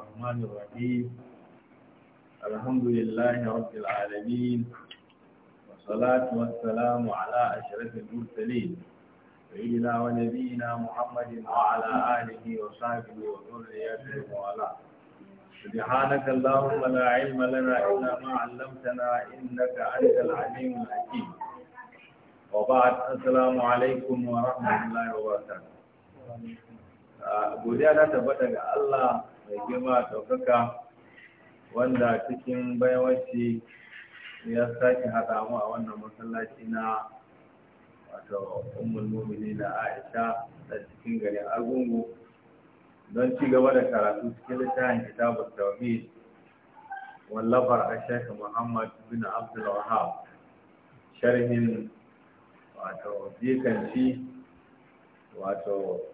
الرحمن الرحيم الحمد لله رب العالمين والصلاة والسلام على أشرف المرسلين سيدنا ونبينا محمد وعلى آله وصحبه وذريته وعلاه سبحانك اللهم لا علم لنا إلا ما علمتنا إنك أنت العليم الحكيم وبعد السلام عليكم ورحمة الله وبركاته godiya na tabbata ga Allah da girma ɗaukaka wanda cikin baiwaci ya sake haɗa mu a wannan masallaci na wato ummul na Aisha da cikin garin Argungu don ci gaba da karatu cikin littafin kitabut tawhid wallafar shaikh Muhammad bin Abdul wahab sharhin wato jikan shi wato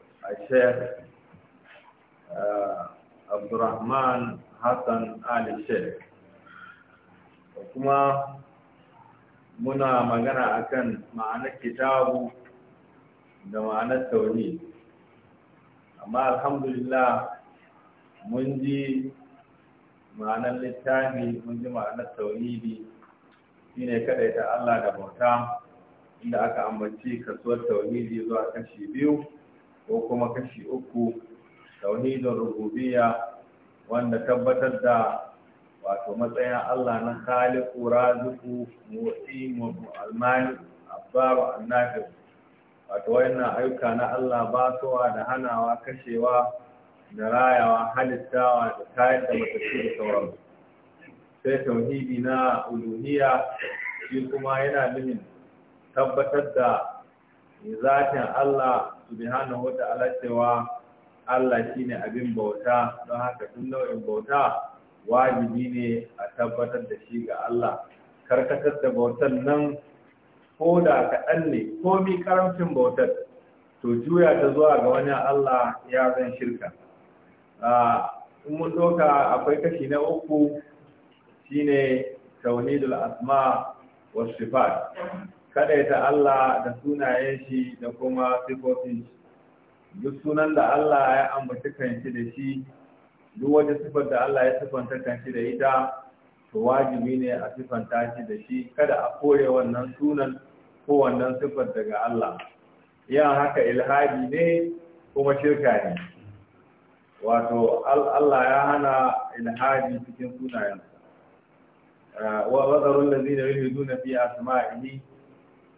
shaikh uh, abdurrahman hassan ali sheikh kuma muna magana akan ma'anar kitabu da ma'anar tauni amma alhamdulillah mun ji ma'anar littafi mun ji ma'anar tauni shine ne ta Allah da bauta inda aka ambaci kasuwar tauhidi zuwa kashi biyu ko kuma kashi uku tauhidin rububiyya wanda tabbatar da wato matsayin Allah na khaliqu raziqu mu'in wa almani abbar annabi wato wayannan ayyuka na Allah ba towa da hanawa kashewa da rayawa halittawa da tayar da matattu da sauransu sai tauhidi na uluhiyya shi kuma yana nufin tabbatar da zatin Allah subhanahu wa ta'ala cewa Allah shi ne abin bauta don haka tun nau'in bauta wajibi ne a tabbatar da shi ga Allah karkatar da bautan nan ko da kaɗan ne komi karamcin bautar to juya ta zuwa ga wani Allah ya zan shirka in mun doka akwai kashi na uku shi ne tauhidul asma was sifat kada ta Allah da sunayen shi da kuma sifofin shi duk sunan da Allah ya ambaci kanshi da shi duk wata sifar da Allah ya sifanta kanshi da ita to wajibi ne a sifanta shi da shi kada a kore wannan sunan ko wannan sifar daga Allah yan haka ilhadi ne kuma shirka ne wato Allah ya hana ilhadi cikin sunayen uh, wa wazarun da zina na fi asma'ihi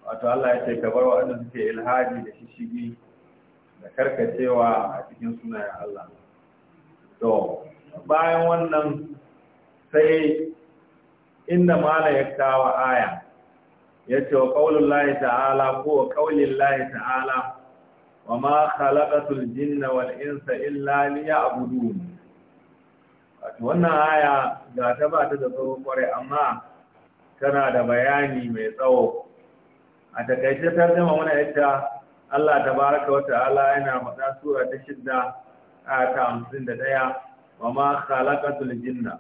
wato Allah ya ce ka bar waɗanda suke ilhadi da shishigi da karkacewa a cikin sunayen Allah to bayan wannan sai inda mala ya kawo aya ya ce wa ƙaunin layi ta'ala ko wa ƙaunin layi ta'ala wa ma khalaqatul jinna wal insa illa liya'budun wato wannan aya ga ta ba ta da tsawo kware amma tana da bayani mai tsawo a takaice tarjuma wannan yadda Allah ta baraka wata ala yana mata sura ta shidda ta hamsin da ɗaya wa ma khalaqatul jinna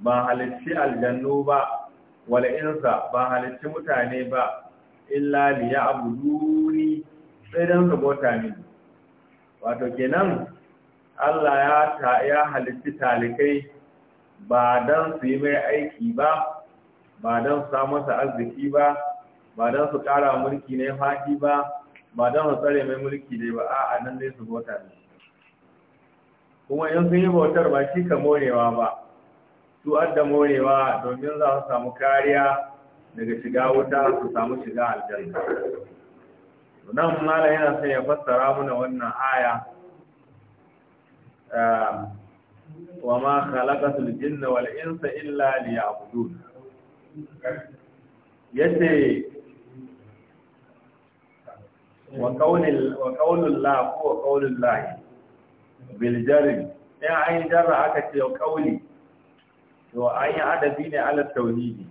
ba halitti aljannu ba wal insa ba halitti mutane ba illa duni sai dan su bauta mini wato kenan Allah ya ya halitti talikai ba dan su yi mai aiki ba ba dan su samu arziki ba ba dan su ƙara mulki ne fati ba ba don tsare mai mulki dai ba a nan dai su bauta ne kuma in sun yi bautar ba shi ka morewa ba su adda morewa domin za su samu kariya daga shiga wuta su samu shiga aljanna nan mala yana son ya fassara muna wannan aya eh, wa ma khalaqatul jinna wal insa illa liya'budun yace wa ƙaunin la ko wa ƙaunin lahi biljarin in an yi jarra aka ce wa ƙauli to an yi adabi ne ala tauhidi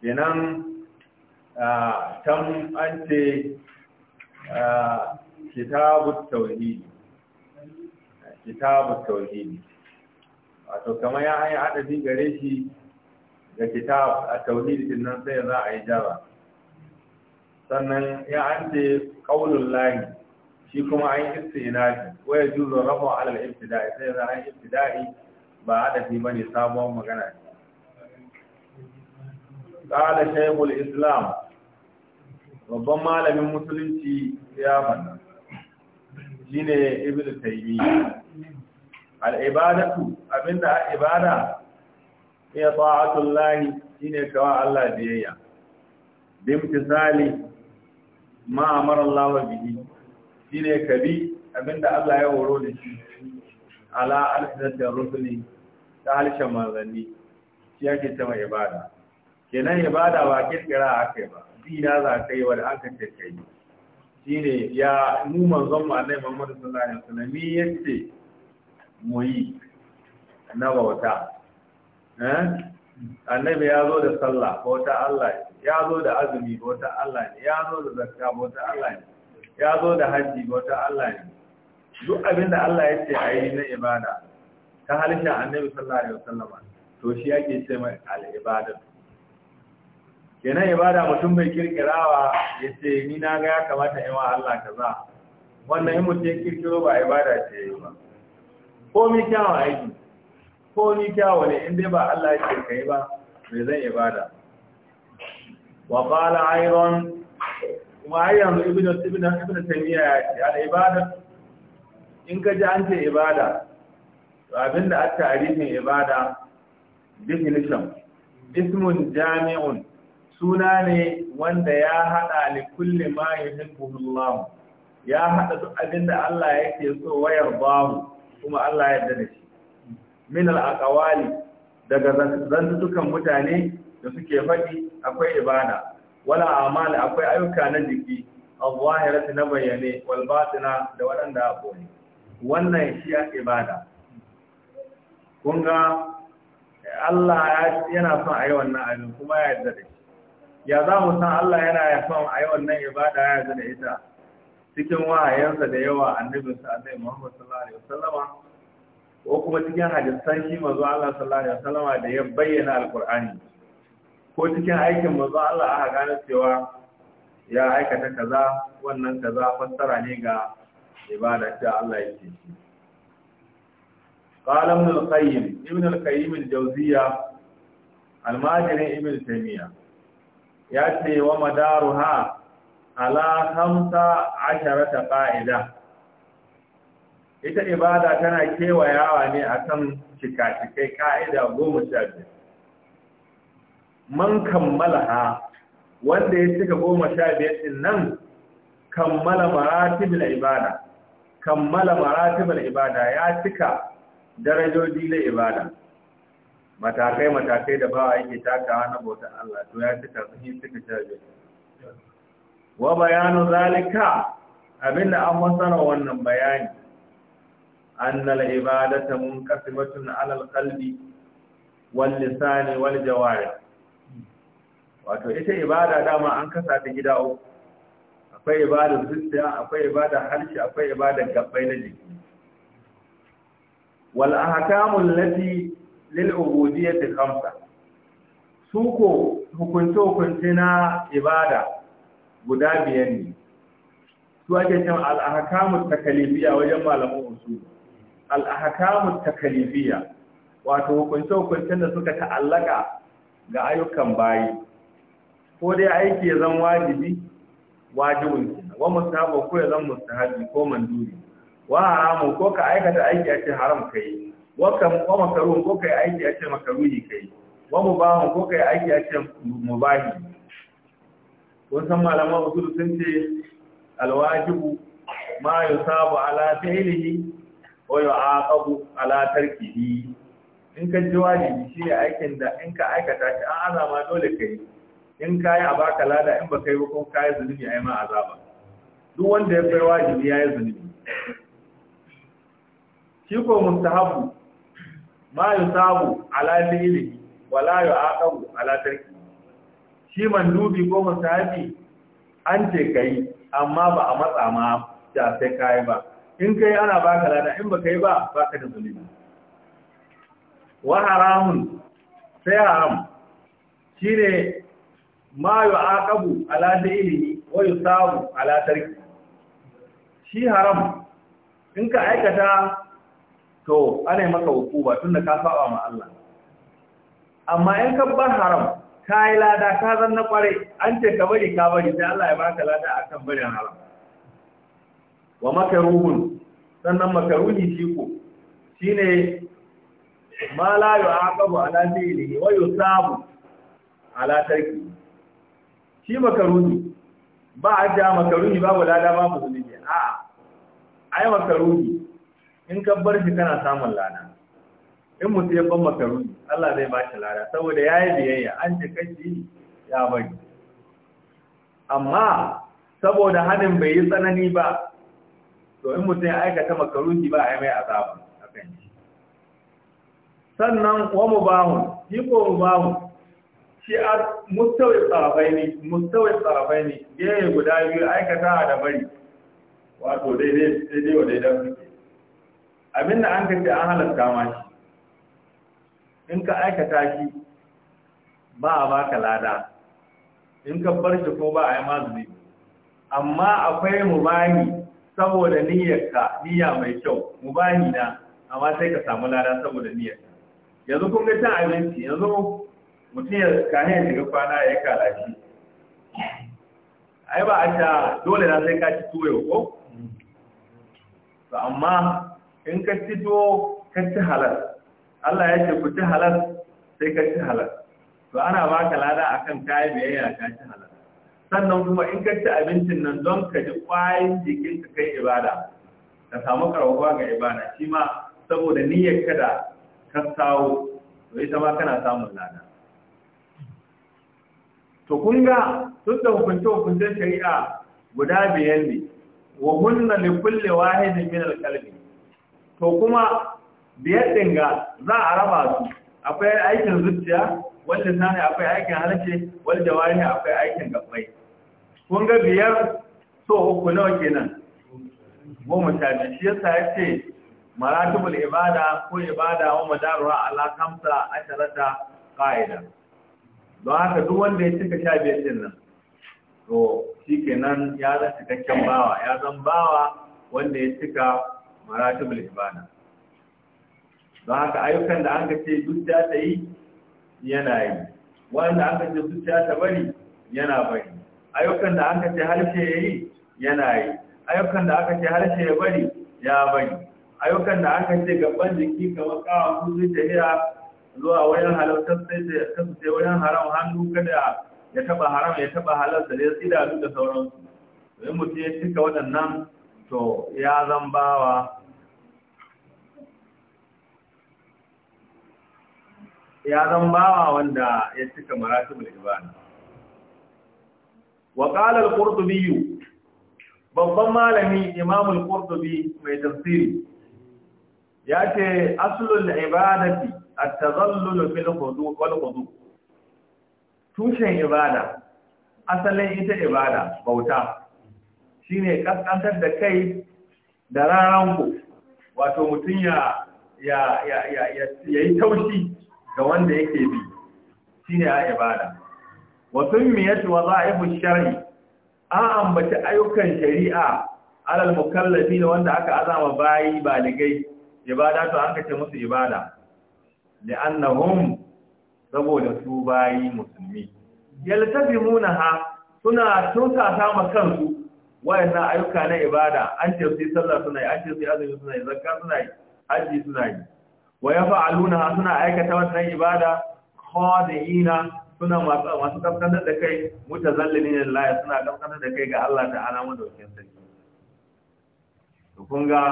kenan can an ce kitabu tauhidi kitabun tauhidi wato kama ya an yi adabi gare shi ga kitabu a tauhidi din nan sai za a yi jarra sannan ya an ce lahi, shi kuma an istinadi wa yajuzu rafa ala al ibtida'i sai da an ibtida'i ba hadafi ba ne sabon magana ne qala shaykhul islam babban malamin musulunci ya faɗa shine ne taymi al-ibadatu abinda ibada ya ta'atullahi shine kawa Allah biyayya bimtisali ma amara Allah bihi shine kabi abinda Allah ya horo da shi ala da rusuli ta halshen manzanni shi yake ta ibada kenan ibada ba kirkira a kai ba dina za ka yi wadda aka ce ka yi shi ne ya mu manzon mu annabi Muhammad sallallahu alaihi wasallam yace mu yi na bauta eh annabi ya zo da sallah bauta Allah ya zo da azumi bauta Allah ne ya zo da zakka bauta Allah ne ya zo da hajji bauta Allah ne duk abin da Allah ya ce a yi na ibada ta halittar annabi sallallahu alaihi wasallama to shi yake ce mai al'ibada kenan ibada mutum bai kirkirawa ya ce ni na ga ya kamata in wa Allah kaza wannan in mutum ya kirkiro ba ibada ce yi ba ko mi kyawun aiki ko ni kyawu ne in dai ba Allah ya ce kai ba me zan ibada وقال ايضا وأيضا ابن ابن ابن تيمية العبادة إن كجا أنت عبادة وأبن التعريف عبادة definition ismun jami'un suna ne wanda ya hada li kulli ma yuhibbuhu Allah ya hada duk abin da Allah yake so wayar bamu kuma Allah ya yarda min al aqwali daga zantukan mutane da suke faɗi akwai ibada wala amali akwai ayyuka na jiki al-zahirati na bayyane wal batina da waɗanda a boye wannan shi ibada kun ga Allah yana son a yi wannan abin kuma ya yarda da shi ya za mu san Allah yana son a yi wannan ibada ya yarda da ita cikin wahayensa da yawa annabinsa annabi Muhammad sallallahu alaihi wasallama ko kuma cikin hadisan shi manzo Allah sallallahu alaihi wasallama da ya bayyana alqur'ani ko cikin aikin manzo Allah aka gane cewa ya aikata kaza wannan kaza fassara ne ga ibada ta Allah yake shi qala ibn al-qayyim ibn al-qayyim al-jawziya al-majri ibn taymiya ya ce wa madaruha ala khamsa asharata qa'ida ita ibada tana kewayawa ne akan cika-cikai ka'ida goma sha man kammalaha wanda ya cika goma sha biyar din nan kammala maratibul ibada kammala maratibul ibada ya cika darajoji na ibada matakai matakai da bawa yake takawa na bautar Allah to ya cika sun yi cika sharbe wa bayanu zalika abinda an masara wannan bayani annal ibadata munqasimatun alal qalbi wal lisani wal jawarih wato ita ibada dama an kasa ta gida uku akwai ibada zuciya akwai ibada harshe akwai ibada gabbai na jiki wal ahkamu lati lil ubudiyyati khamsa suko hukunce hukunce na ibada guda biyar ne su ake cewa al ahkamu takalifiya wajen malamin usul al ahkamu takalifiya wato hukunce hukuncen da suka ta'allaka ga ayyukan bayi ko dai aiki ya zan wajibi wajibin kenan wa mustahabu ko ya zan mustahabi ko manduri wa haramu ko ka aikata aiki a ce haram kai wa kam wa makaruhun ko kai aiki a ce makaruhi kai wa mubahu ko kai aiki a ce mubahi kun san malaman usul sun ce alwajibu ma yusabu ala fi'lihi wa yu'aqabu ala tarkihi in ka ji wajibi shi ne aikin da in ka aikata shi an azama dole kai in kayi a baka lada in baka yi ba ko kayi zunubi a yi ma azaba duk wanda ya kai wajibi ya yi zunubi shi ko mustahabu ma Sabu, ala fi'lihi wala aqabu ala tarki shi mandubi ko mustahabi an ce kai amma ba a matsa ma da sai kayi ba in kai ana baka lada in baka yi ba baka da zunubi wa haramun sai haram shine ma yu'aqabu ala fi'lihi wa yusabu ala tarki shi haram in ka aikata to ana maka hukuma tunda ka saba ma Allah amma in ka bar haram yi lada ka na kware an ce ka bari ka bari sai Allah ya baka lada akan barin haram wa makaruhun sannan makaruhi shi ko shine ma la yu'aqabu ala fi'lihi wa yusabu ala tarki shi makaruni ba a ja makaruni ba wa lada ba musulmi a ai makaruni in ka bar shi kana samun lada in mutum ya ban makaruni Allah zai ba shi lada saboda ya yi biyayya an ce kashi ya bari amma saboda hadin bai yi tsanani ba to in mutum ya aikata makaruni ba a yi mai azaba sannan wa mubahun shi ko mubahun shi a mustawai tsarafai ne mustawai tsarafai ne gere guda biyu aikata da bari wato daidai daidai wa daidan suke abin da an kace an halatta ma shi in ka aikata shi ba a baka lada in ka bar shi ko ba a yi zuri amma akwai bani saboda niyyarka niyya mai kyau bani na amma sai ka samu lada saboda niyyarka yanzu kun ga cin abinci yanzu mutum ya kahin ya shiga kwana ya kalashi ai ba a sha dole na sai ka ci tuwo ko to amma in ka ci tuwo ka ci halal Allah ya ce ku ci halal sai ka ci halal to ana baka lada akan kayan biyayya ka ci halal sannan kuma in ka ci abincin nan don ka ji kwayin jikinka kai ibada ka samu karawa ga ibada shi ma saboda niyyar kada ka sawo to ita ma kana samun lada to kun ga tun da hukunce-hukuncen shari'a guda biyar ne wa hunna li kulli wahidin min al-qalbi to kuma biyar din ga za a raba su akwai aikin zuciya wanda sani akwai aikin harshe wanda wani akwai aikin gabbai kun ga biyar so uku nawa kenan goma sha biyu shi yasa ya ce maratibul ibada ko ibada wa madaruwa ala kamsa asharata qa'ida don haka duk wanda ya cika sha biyar din nan to shi kenan ya zan cikakken bawa ya zan bawa wanda ya cika maratu ibada don haka ayyukan da an ka ce duk ya ta yi yana yi wanda an ka ce duk ya ta bari yana bari ayyukan da an ka ce harshe ya yi yana yi ayyukan da aka ce harshe ya bari ya bari ayyukan da aka ce gaban jiki kamar kawo hudu ta hira zuwa wajen halal kasance wajen haram hannu kada ya taba haram ya taba halar da ya idanu da sauransu in mutum ya cika waɗannan to ya zan bawa ya zan bawa wanda ya cika maratu mai wa qala al-qurtubi babban malami imamul al mai tafsiri yace da ibadati at fil khudu wal tushen ibada asalin ita ibada bauta shine kaskantar da kai da raranku wato mutum ya ya ya ya yi taushi ga wanda yake bi shine a ibada wa summiyat wadha'ifu shar'i an ambaci ayyukan shari'a alal mukallafi wanda aka azama bayi baligai ibada to an kace musu ibada li'annahum saboda su bayi musulmi yaltazimunaha suna tuntata sama kansu na ayyuka na ibada an ce su sallah suna yi an ce su azumi suna yi zakka suna yi haji suna yi wa yafa'aluna suna aikata wannan ibada khadi'ina suna masu kaskantar da kai mutazallilin lillahi suna kaskantar da kai ga Allah ta'ala madaukakin sarki to kun ga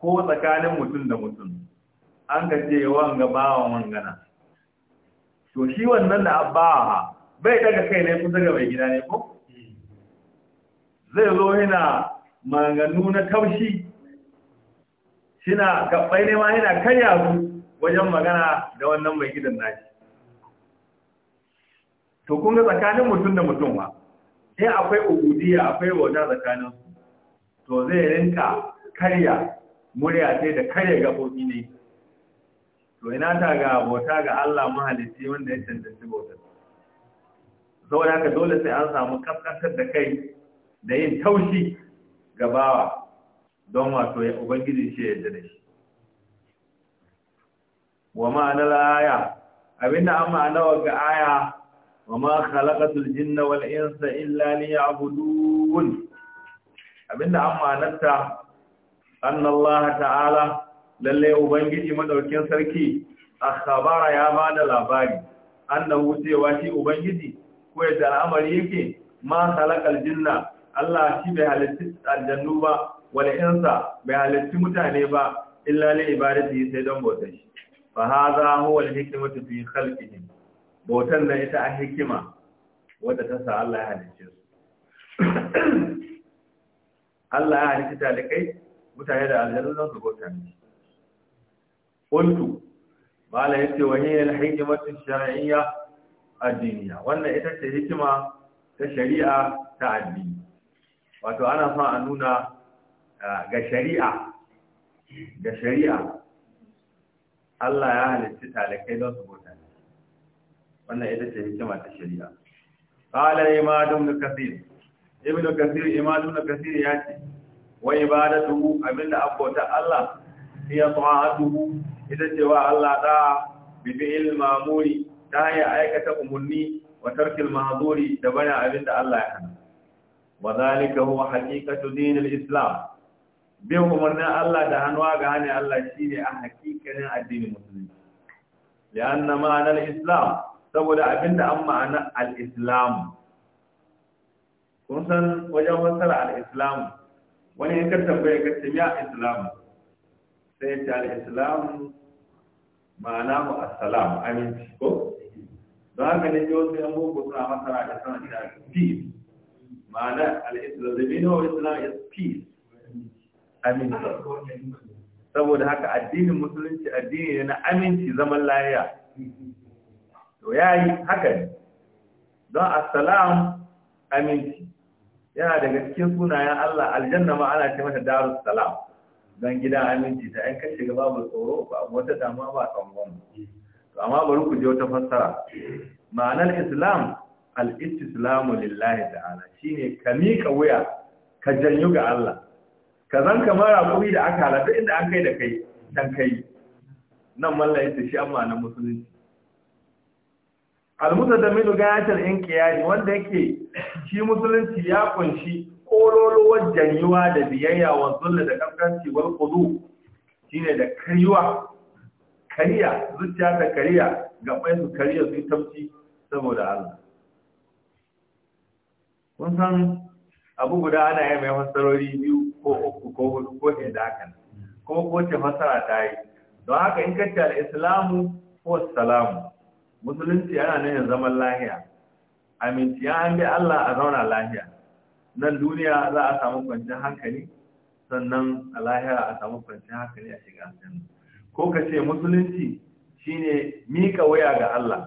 ko tsakanin mutum da mutum an ga ce wanga bawan mangana to shi wannan da abbaha bai daga kai ne kusa ga mai gida ne ko zai zo yana maganganu na taushi shina gabbai ne ma yana karya su wajen magana da wannan mai gidan nashi to kun ga tsakanin mutum da mutum ba sai akwai ubudiya akwai wata tsakanin su to zai rinka karya murya ce da karya gaɓoɓi ne to ina ta ga bauta ga Allah mahalicci wanda ya cancanci bautar saboda haka dole sai an samu kaskantar da kai da yin taushi ga bawa don wato ya ubangiji shi ya dare. shi wa la aya abinda an ma'ana ga aya wa ma khalaqatul jinna wal insa illa liya'budun abinda an ma'anarta annallaha ta'ala lalle ubangiji madaukin sarki akhbara ya bada labari annahu cewa shi ubangiji ko ya al'amari yake ma khalaqal jinna Allah shi bai halitta aljannu ba wala insa bai halitta mutane ba illa li ibadati sai don bautar shi fa hadha huwa al-hikmatu fi khalqihim Botan da ita a hikima wadda ta sa Allah ya halicce Allah ya halitta da kai mutane da aljanu za su bauta ne qultu mala yace wa hiya al-hikmatu ash-shar'iyya ad-diniyya wannan ita ce hikima ta shari'a ta addini wato ana fa a nuna ga shari'a ga shari'a Allah ya halitta talakai don su bauta ne wannan ita ce hikima ta shari'a qala imadun kathir ibnu kathir imadun kathir ya ce wa ibadatuhu abinda abota Allah hiya ta'atuhu ita ce wa Allah da bi fi'il ma'muri ta hanyar aikata umurni wa tarkil ma'zuri da bana abinda Allah ya hana wa zalika huwa haqiqatu dinil islam bin umarnin Allah da hannuwa ga hannun Allah shi ne a hakikanin addinin musulunci li'anna ma'anar islam saboda abinda an ma'ana al-islam kun san wajen fassara al-islam wani ya karta bai ka ce ya islamu sai ta islam ma'ana mu assalam aminci ko don haka ne yau sai an boko suna masara da sana da peace ma'ana al-islam the wani of islam is peace aminci saboda haka addinin musulunci addini ne na aminci zaman lafiya to yayi haka ne don assalam aminci yana daga cikin sunayen Allah aljanna ma ana ce mata darus salam don gidan aminci ta yan kashe gaba babu tsoro ba wata dama ba tsangon to amma bari ku je wata fassara ma'anar islam al-istislamu lillahi ta'ala shine ka mika wuya ka janyu ga Allah ka zan kamar kuri da aka halatta inda an kai da kai dan kai nan mallaye shi amma na musulunci almutadammilu gayatar inqiyadi wanda yake shi musulunci ya kunshi kololuwar janyuwa da biyayya wa zulla da kankanci wal kudu shine da kariwa kariya zuciya ta kariya gabai su kariya su tafci saboda Allah kun san abu guda ana yi mai fassarori biyu ko uku ko hudu ko ke da hakan ko ko ce fassara ta yi don haka in kacce al-islamu ko salamu musulunci yana nan ya zaman lahiya aminci ya an bi Allah a zauna lahiya nan duniya za a samu kwanciyar hankali sannan a lahiya a samu kwanciyar hankali a shiga aljanna ko ka ce musulunci shine mika waya ga Allah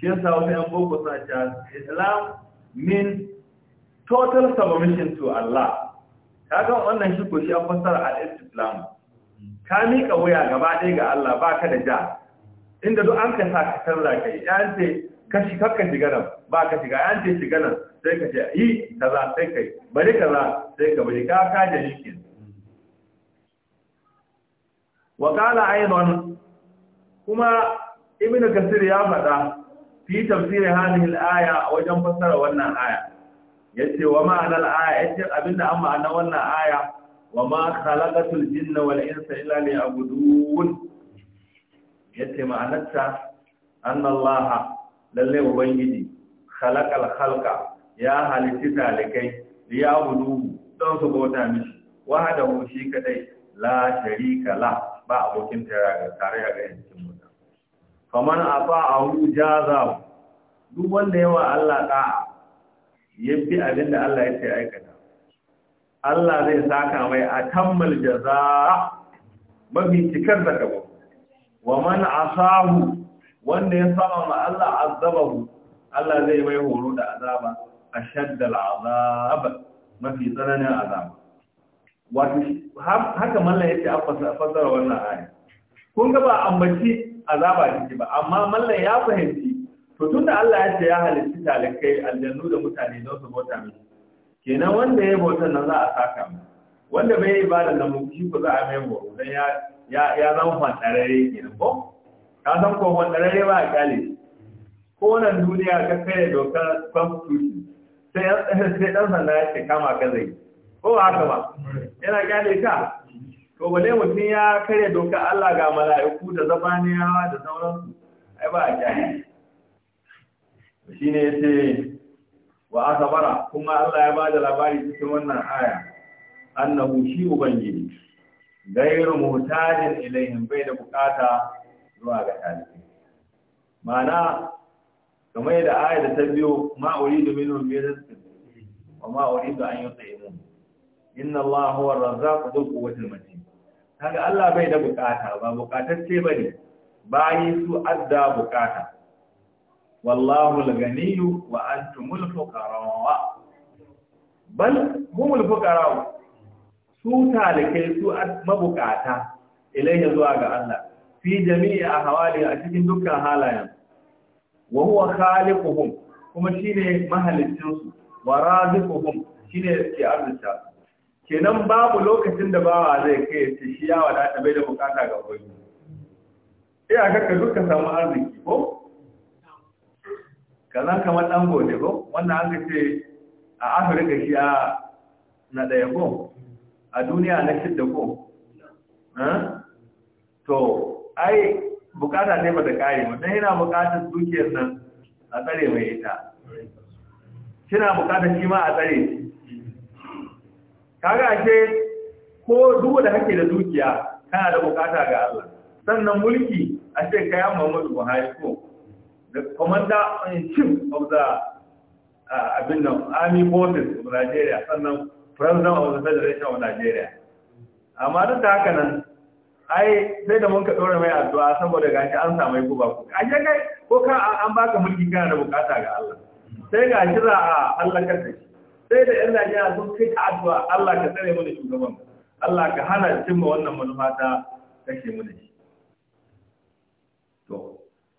shi yasa wasu yan boko suna cewa islam min total submission to Allah ga wannan shi ko shi an fassara al-islam ka mika waya gaba ɗaya ga Allah baka da ja inda duk an kasa ka canza ka yi ya ce ka shiga ka shiga nan ba ka shiga ya ce shiga nan sai ka ce yi kaza sai ka yi bari kaza sai ka bari ka ka da shi wa qala aidan kuma ibnu kasir ya faɗa fi tafsirin hadhihi al-aya wajen fassara wannan aya yace wa ma'ana al-aya yace abinda an ma'ana wannan aya wa ma khalaqatul jinna wal insa illa liya'budun yace ma'anarta annallaha lalle ubangiji khalaqal khalqa ya halitti talikai ya budu don su bauta mishi mu shi kadai la sharika la ba abokin tare ga cikin mutum faman afa ahu jaza duk wanda yawa Allah da'a yabi abinda Allah ya ce aikata Allah zai saka mai atammal jaza mafi cikar da kabo wa man asahu wanda ya saba ma Allah azabahu Allah zai mai horo da azaba ashaddal azab mafi tsananin azaba wato haka mallan yace a fasara wannan aya kun ga ba ambaci azaba take ba amma mallan ya fahimci to tunda Allah ya ce ya halitta talakai aljannu da mutane don su bauta mai kenan wanda ya bauta nan za a saka mu wanda bai yi ibada da mu shi ku za a mai horo dan ya ya zama fatarare ke ko ka san ko fatarare ba a kyale ko nan duniya ka kare dokar constitution sai sai dan sanda ya ce kama ka zai ko haka ba yana kyale ka to bale mutum ya karya dokar Allah ga mala'iku da zabaniyawa da sauransu ai ba a kyale shi ne yace wa Asabara kuma Allah ya bada labari cikin wannan aya annahu shi ubangiji gairu mutajin ilayhim bai da bukata zuwa ga talibai ma'ana kamar da ayat ta biyo ma uridu minhum da rizqin wa ma uridu an yut'imun inna Allah huwa ar ku dhul quwwati al-matin kaga Allah bai da bukata ba bukatacce bane bayi su adda bukata wallahu al ghaniyyu wa antumul fuqara bal humul fuqara su ke su mabukata ilayya zuwa ga Allah fi jami'i a hawali a cikin dukkan halayen wa huwa khaliquhum kuma shine mahalicin su wa raziquhum shine ke arzuta kenan babu lokacin da bawa zai kai shi shi ya da bai da bukata ga gobe sai aka ka duka samu arziki ko kazan kamar dan gobe ko wannan an ce a Afirka shi a na daya ko a duniya na da ko to ai bukata ne ba da kare mutum yana bukatar dukiyar nan a tsare mai ita kina bukatar shi ma a tsare kaga ashe ko duk da kake da dukiya kana da bukata ga Allah sannan mulki a ce ya Muhammadu Buhari ko the commander in chief of the uh, abin nan army forces of Nigeria sannan president of the federation of nigeria amma duk da haka nan ai sai da mun ka dora mai addu'a saboda gashi an samu ku ba ku ashe kai ko ka an baka mulki kana da bukata ga Allah sai ga shi za a Allah ka shi sai da yan Najeriya sun kai ta addu'a Allah ka tsare mana shugaban Allah ka hana cimma wannan manufa ta kashe mu da shi to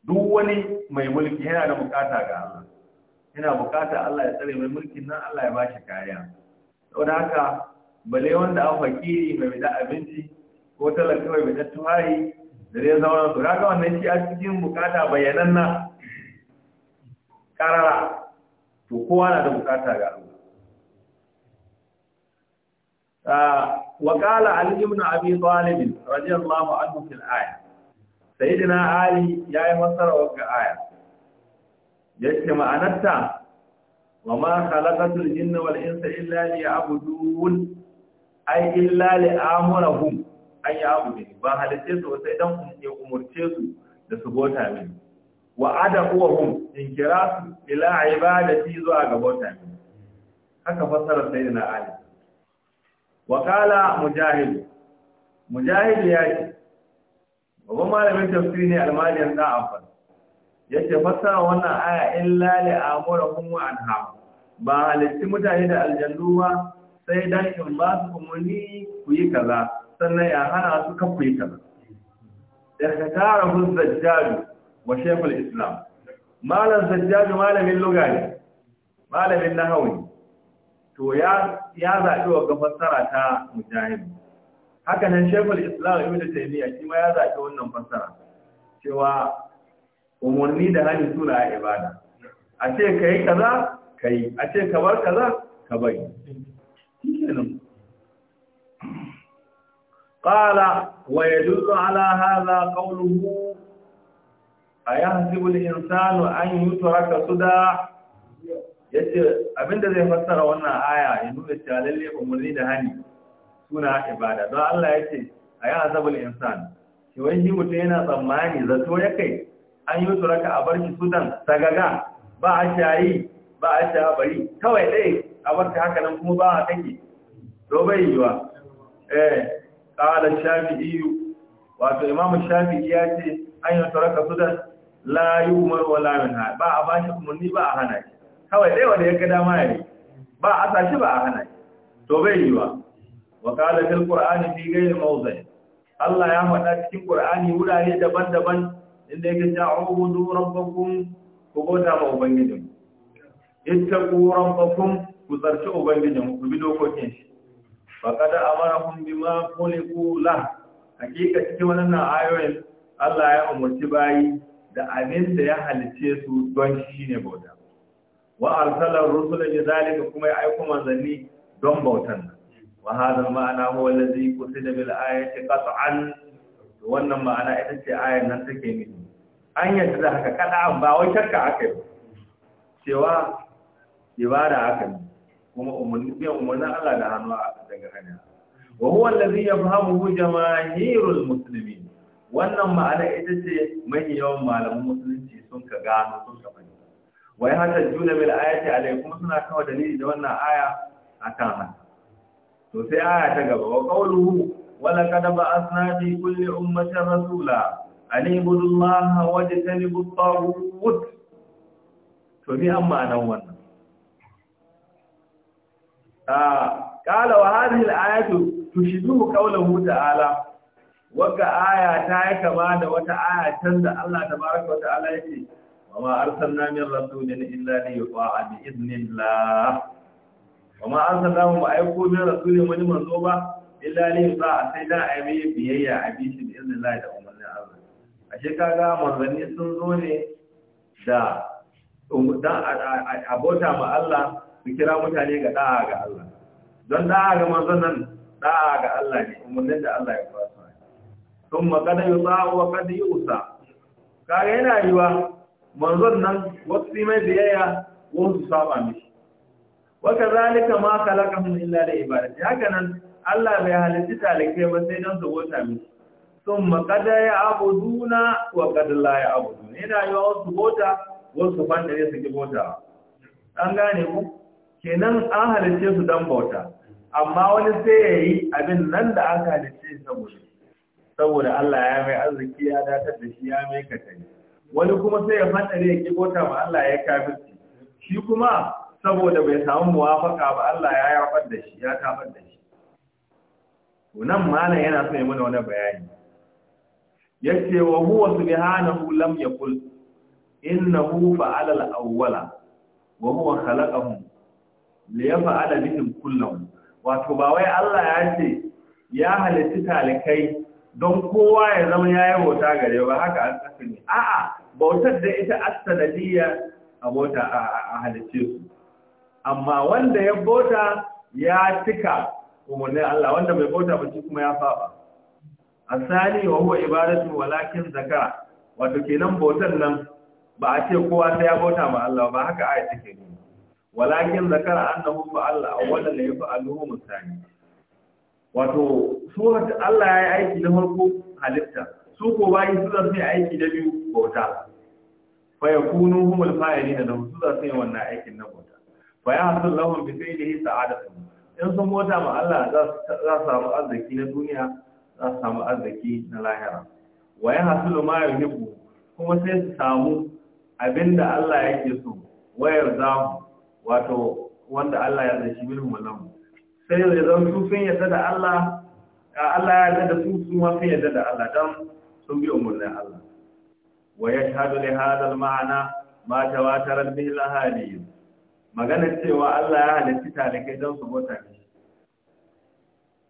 duk wani mai mulki yana da bukata ga Allah yana bukata Allah ya tsare mai mulkin nan Allah ya ba shi kariya saboda haka bale wanda an fakiri mai bida abinci ko talaka mai bida tuhari da zai zama su kaga wannan shi a cikin bukata bayanan na karara to kowa na da bukata ga Allah وقال علي بن ابي طالب رضي الله عنه في الايه سيدنا علي يا مسر وقع ايه yace ma'anarta wa ma khalaqatul jinna wal insa illa liya'budun ai illa li'amurahum an ya'budu ba halitta su sai dan ya umurce su da su bota min wa adabuhum in kira su ila ibadati zuwa ga bota min haka fasara sayyidina ali wa qala mujahid mujahid ya ce babban malamin tafsiri ne almaliyan da afan yake fassara wannan aya illa li amurahum wa anha ba halitti mutane da aljannu ba sai dan in ba su ni ku yi kaza sannan ya hana su kan ku yi kaza ka tara hun zajjaju wa shekul islam malam zajjaju malamin luga ne malamin nahawi to ya ya zaɓi wa fassara ta mujahid haka nan shekul islam ibnu taymiya shi ma ya zaɓi wannan fassara cewa umarni da hali sura a ibada a ce ka yi kaza ka yi a ce ka bar kaza ka bai قال ويدل على هذا قوله أيهزب الإنسان أن يترك سدى yace abinda zai fassara wannan aya ya nuna cewa lalle umarni da hani suna ibada don Allah yace a yi azabul insan shi wani mutum yana tsammani zato ya kai an yi su raka a bar shi sudan sagaga ba a shayi ba a sha bari kawai dai a barka haka nan kuma ba a take to bai yi wa eh qala shafi'i wato imam shafi'i ya ce an yi su raka sudan la yumar wala minha ba a bashi umarni ba a hana shi kawai dai wanda ya ga dama ya yi. ba a sashi ba a hana shi to bai yi wa qala fil qur'ani fi ghayri mawdhi' Allah ya faɗa cikin Qur'ani wurare daban-daban inda yake ta ubudu rabbakum ku bauta ma ubangijin ittaqu rabbakum ku zarci ubangijin ku bi dokokin shi faqad amarakum bima ku la hakika cikin wannan ayoyin Allah ya umarci bayi da abin da ya halice su don shi ne bauta wa arsalar rusulun ya zalika kuma ya aiko manzanni don bautan wa hada ma'ana huwa allazi da bil ayati qat'an wannan ma'ana ita ce ayan nan take ne an yadda da haka kada ba wai shakka aka yi cewa ibada aka yi kuma umarni biyan umarnin Allah da hannu daga hanya wa huwa allazi yafhamuhu jamaahirul muslimin wannan ma'ana ita ce mai yawan malamin musulunci sun ka gano sun ka bani wa ya hada juna bil ayati alai kuma suna kawo dalili da wannan aya akan haka to sai aya ta gaba wa qawluhu ولقد بعثنا في كل أمة رسولا أن اعبدوا الله واجتنبوا الطاغوت فمي أما أنا وانا قال وهذه الآية تشبه قوله تعالى wagga aya ta yi kama da wata aya can da Allah ta baraka wata ala ya ce wa ma arsalna min rasulin illa li yuta'a bi aiko min ba illa ne ba sai da a yi biyayya a bi shi da izinin Allah da umarnin Allah a shekara kaga manzanni sun zo ne da dan abota ma Allah su kira mutane ga da'a ga Allah don da'a ga manzannin da'a ga Allah ne umarnin da Allah ya fasa sun magana yi sa'o wa kada yi usa kaga yana yiwa manzon nan wasu mai biyayya wasu saba mishi waka zalika ma kalakahum illa da ibadati haka ganan. Allah bai halitta talibai ba sai don su bauta mishi sun makada ya abuduna wa kadalla ya abuduna yana yi wasu bota wasu fandare su ki bota an gane ku kenan an halitta su dan bauta amma wani sai ya yi abin nan da aka halice saboda saboda Allah ya mai arziki ya datar da shi ya mai katani wani kuma sai ya ne ya ki bota ma Allah ya kafirci shi kuma saboda bai samu muwafaka ba Allah ya yafar da shi ya tafar da shi nan malam yana so ya mana wani bayani yace wa huwa subhanahu lam yaqul innahu fa'ala al-awwala wa huwa ya liyaf'ala bihim kullum? wato ba wai Allah ya ce ya halitta talikai don kowa ya zama ya yi bauta gare ba haka an ne a'a bautar da ita as-sanadiyya a bauta a halicce su amma wanda ya bauta ya cika umarnin Allah wanda mai bauta ba shi kuma ya saba asali wa huwa ibadatu walakin zakara wato kenan bautan nan ba a ce kowa sai ya bauta ma Allah ba haka ayat take ne walakin zakara annahu fa Allah awwala la yaf'aluhu mustani wato su Allah ya yi aiki na farko halitta su ko bayi su za aiki da biyu bauta fa yakunu humul fa'ilina da su za su yi wannan aikin na bauta fa ya hasallahu bi fi'lihi sa'adatu in sun bauta ma Allah za su samu arziki na duniya za su samu arziki na lahira wa ya hasulu ma yuhibbu kuma sai su samu abinda Allah yake so wayar zamu wato wanda Allah ya zaci min malam sai da zan su sun yadda da Allah Allah ya yadda da su su ma sun yadda da Allah dan sun bi umurnin Allah wa yashhadu li hadha al-ma'na ma tawatarat bihi al-ahadith maganar cewa Allah ya halitta talikai don su bota ne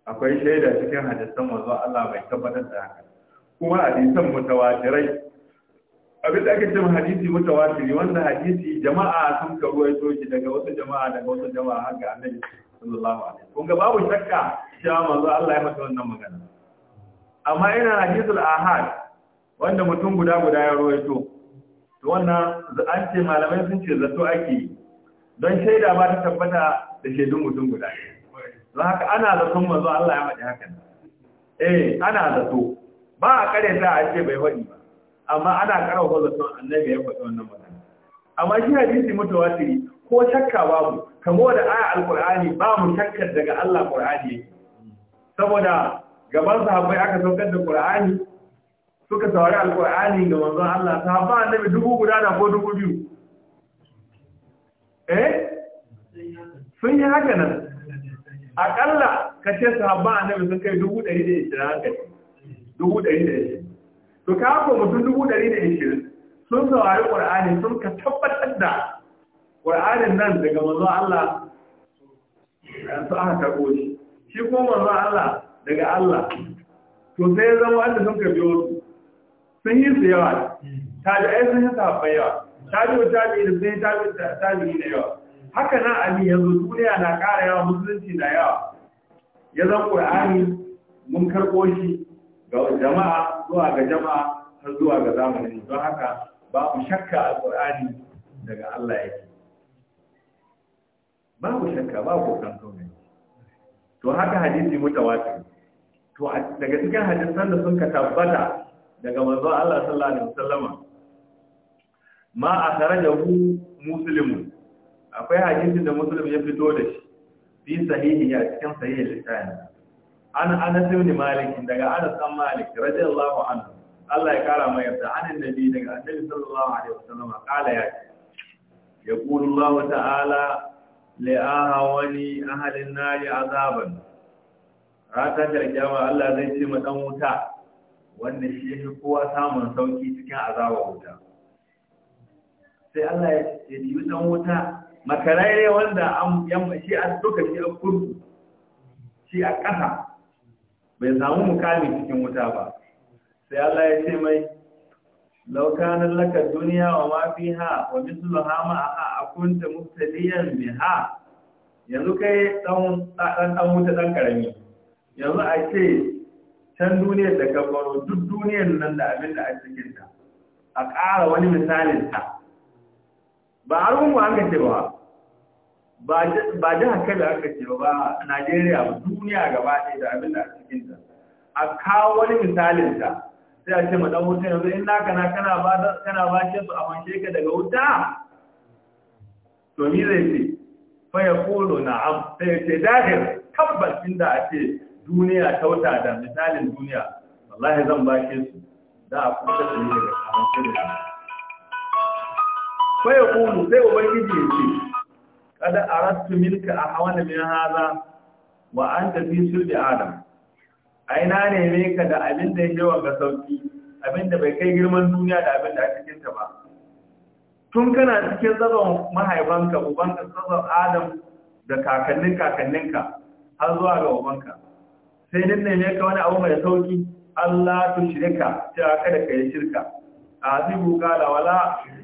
akwai shaida cikin hadisan manzo Allah bai tabbatar da haka kuma hadisan mutawatirai abin da ake cewa hadisi mutawatiri wanda hadisi jama'a sun karuwaito shi daga wasu jama'a daga wasu jama'a har ga annabi sallallahu alaihi kun ga babu shakka cewa manzo Allah ya faɗi wannan magana amma ina hadisul ahad wanda mutum guda guda ya rawaito to wannan an ce malamai sun ce zato ake yi don shaida ba ta tabbata da shaidun mutum guda Za haka ana zaton mazo Allah ya maɗi hakan eh ana zato ba a kare ta a ce bai faɗi ba amma ana karawa zaton annabi ya faɗi wannan magana amma shi hadisi yi. ko shakka babu kamo da aya alqur'ani ba mu shakkar daga Allah qur'ani yake saboda gaban sahabbai aka saukar da qur'ani suka saurari alqur'ani ga manzon Allah sahabba annabi dubu guda na ko dubu biyu eh sun yi haka nan akalla ka ce su sahabba annabi sun kai dubu ɗari da ishirin haka dubu ɗari da ishirin to ka hako mutum dubu ɗari da ishirin sun saurari ƙur'ani sun ka tabbatar da ƙur'anin nan daga manzo Allah su aka karɓo shi shi ko manzo Allah daga Allah to sai ya zama wanda sun ka biyo sun yi su yawa tabi'ai sun yi sahabban yawa tabi'u tabi'in sai tabi'u tabi'in da yawa haka nan ali yanzu duniya na ƙara yawa musulunci na yawa ya zan qur'ani mun karɓo shi ga jama'a zuwa ga jama'a har zuwa ga zamani don haka ba ku shakka alqur'ani daga Allah yake ku shakka ba ku kanto ne to haka hadisi mutawatir to daga cikin hadisan da sun ka tabbata daga manzo Allah sallallahu alaihi wasallam ma a tare da hu musulmi akwai hadisin da musulmi ya fito da shi fi sahihi a cikin sahihi litani an anas ibn malik daga anas ibn malik radiyallahu anhu Allah ya kara mai yarda an annabi daga annabi sallallahu alaihi wasallam kala ya ce yaqulu Allah ta'ala li ahawani ahli an-nar azaban rata da kiyama Allah zai ce ma dan wuta wanda shi fi kowa samun sauki cikin azabar wuta sai Allah ya ce yi dan wuta makarai wanda an yamma shi a duka shi a kurku shi a ƙasa bai samu mukami cikin wuta ba sai Allah ya ce mai laukanin laka duniya wa ma ha wa mislu ha ma a akunta muftadiyan ha yanzu kai dan dan wuta dan karami yanzu a ce can duniyar da ka baro duk duniyar nan da abin da a cikin ta a ƙara wani misalin ta ba argungu an kace ba ba jihar da aka ce ba a najeriya ba duniya gaba ɗaya da abin da cikin cikinta a kawo wani misalin ta, sai a ce maɗan wuta yanzu in naka na kana ba kana ba ce su a manshe ka daga wuta to ni zai ce fa ya na am sai ya ce dahir tabbas inda a ce duniya wuta, da misalin duniya wallahi zan ba ke su da a kusa da ni daga kamar da faya ƙulu sai ubangiji ya ce kada a rastu milka a hawa min haza wa an tafi sulbi adam ai ne neme ka da abin da ya yawan ga sauki abin da bai kai girman duniya da abin da a cikin ta ba tun kana cikin zazon mahaifanka ubanka zazon adam da kakannin kakanninka har zuwa ga ubanka sai nan neme ka wani abu mai sauki Allah tu shirka cewa kada ka yi shirka azibu kala wala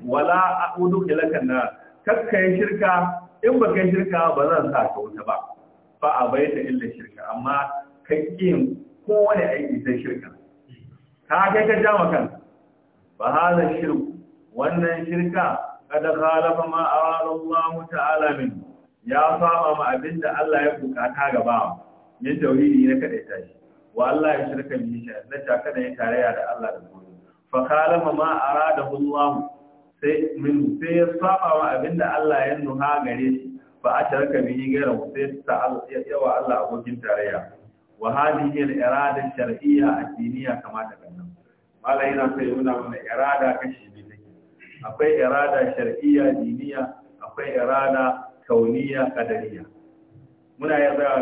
wala a'udu ilakan na kakkai shirka in ba kai shirka ba zan sa ka wuta ba fa abaita illa shirka amma kai kin wani aiki sai shirka ka kai ka jama kan ba hada shirku wannan shirka kada khalafa ma arada Allah ta'ala min ya fama ma abinda Allah ya bukata gaba min tauhidi na kada shi wa Allah ya shirka bi shi na ta kada ya tarayya da Allah da fa kalama ma da Allah sai min sai ya saba wa abinda Allah ya nuna gare shi a tarka bihi gairan sai ta yawa Allah abokin tarayya wa hadhihi al-irada shar'iyya addiniya kama ta kana mala yana sai yana mana irada kashi biyu take akwai irada shar'iyya diniya akwai irada kauniya kadariya muna ya tsaya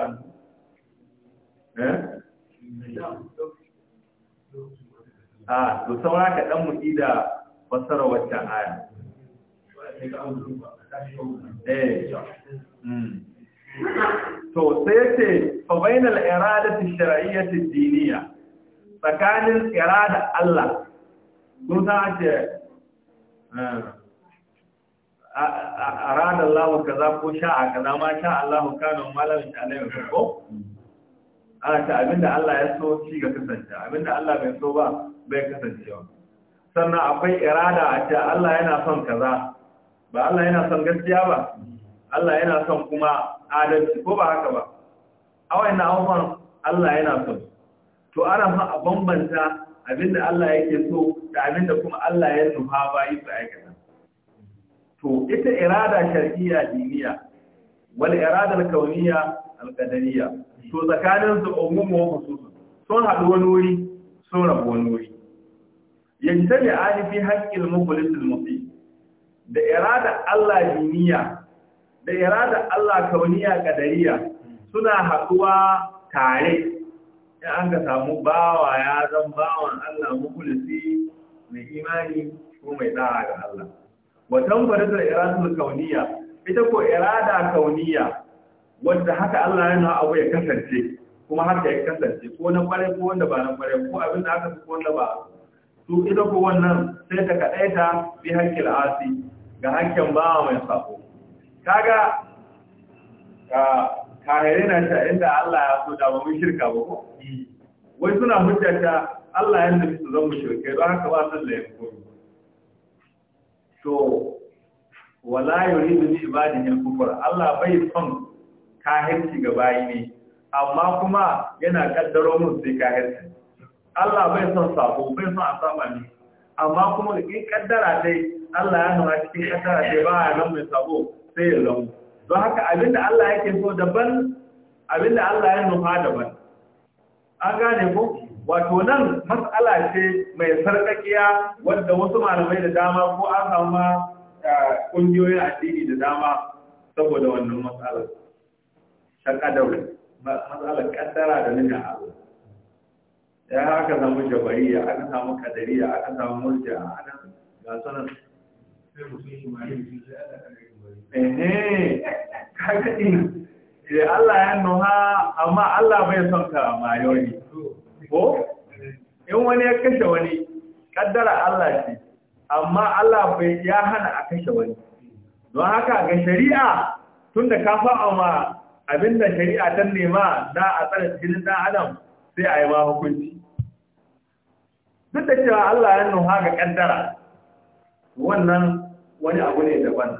eh a to saura ka dan mu da fassara waccan aya eh. hmm. to sai ce fa bainal iradati shar'iyyati diniya tsakanin irada Allah kun ta eh, ce arada Allah kaza ko sha'a kaza ma sha Allah kana malamin ta alai ko ana ta abinda Allah ya so shi ga kasance abinda Allah bai so ba bai kasancewa sannan akwai irada a ce Allah yana son kaza ba Allah yana son gaskiya ba Allah yana son kuma adalci ko ba haka ba a wayannan abubuwan Allah yana son to ana ma a bambanta abinda Allah yake so da abinda kuma Allah ya nufa ba yi su aikata to ita irada shar'iyya diniya wal irada al-kauniyya al-qadariyya to tsakanin su umumu wa sun haɗu wani wuri sun rabu wani wuri yajtami ani fi haqqil mukhlis al muti da irada Allah diniya da irada Allah kauniya kadariya suna haduwa tare in an ka samu bawa ya zan bawan Allah mukhlisi mai imani ko mai da'a ga Allah watan tanfaratul iradatul kauniya ita ko irada kauniya wanda haka Allah ya nuna abu ya kasance kuma haka ya kasance ko na kware ko wanda ba na kware ko abin da aka ko wanda ba su ido ko wannan sai ta kaɗaita bi hakkin asi ga hakkin bawa mai sako kaga kahere na ta inda Allah ya so da ba mu shirka ba ko wai suna hujjata Allah ya nufi su zama shirke don haka ba sun da ko to wala yuridu bi ibadin al-kufra Allah bai son kahirci ga bayi ne amma kuma yana kaddaro mun sai kahirci Allah bai son sabo bai son a ne amma kuma da in kaddara dai Allah ya nuna cikin kaddara dai ba ya nan mai sabo sai ya zama don haka abinda Allah yake so daban abinda Allah ya nufa daban an gane ko wato nan mas'ala ce mai sarkakiya wanda wasu malamai da dama ko an samu kungiyoyin eh, addini da dama saboda wannan mas'alar ta kaddara mas'alar kaddara da nuna abu ya aka samu ya aka samu ya aka samu murja nan ga sanar ehe kaka din eh Allah ya ha, amma Allah bai son ka mayoni ko in wani ya kashe wani kaddara Allah ce amma Allah bai ya hana a kashe wani don haka ga shari'a tunda ka fa'a ma abinda shari'a ta nema da a tsare cikin dan adam sai a yi ma hukunci duk da cewa Allah ya nuna ga kaddara wannan wani abu ne daban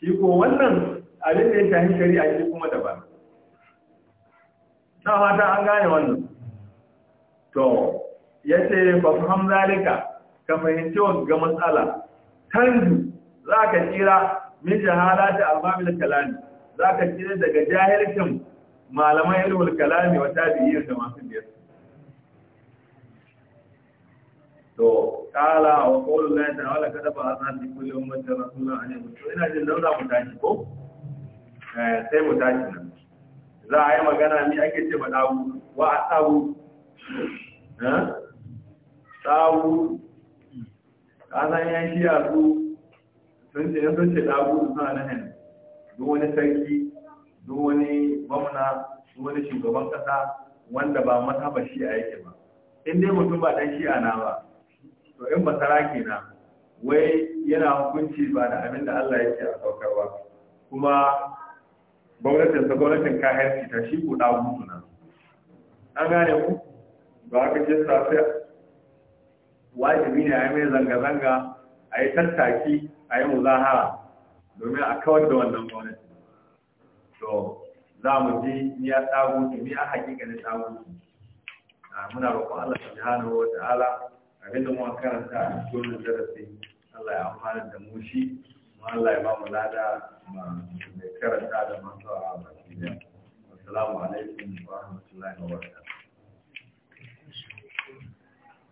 shi ko wannan abin da ya shahi shari'a shi kuma daban na mata an gane wannan to ya ce ba fahim zalika ka fahimci ga matsala tanju za ka tsira min jahala ta albamil kalami za ka tsira daga jahilcin malamai ilmul kalami wa tabi'in da masu biyar to kala wa qawlu la wala kada ba azan bi kulli ummatin rasulun an yabu to ina jin dauda mu tashi ko eh sai mu tashi nan za a yi magana mi ake ce badawu wa a ha eh? sawu kasan yan a su sun ce sun ce dagu suna na hen duk wani sarki duk wani gwamna duk wani shugaban kasa wanda ba mata ba shi a yake ba in dai mutum ba dan shi a ba to in masara kenan wai yana hukunci ba da abin da Allah yake a saukar ba kuma gwamnatin sa gwamnatin kayan ta shi ko da hutu an gane ku ba ka ce safiya. wajibi ne a yi mai zanga-zanga a yi tattaki a yi muzahara domin a kawar da wannan gwamnati to za mu ji ni ya tsago ni a hakika hakikanin tsago ah, muna roƙon Allah subhanahu wa ta'ala abin da muka karanta a cikin darasi Allah ya amfana da mu shi mu Allah ya ba mu lada ma mai karanta da masu a baki da. Assalamu alaikum wa rahmatullahi wa barakatuh.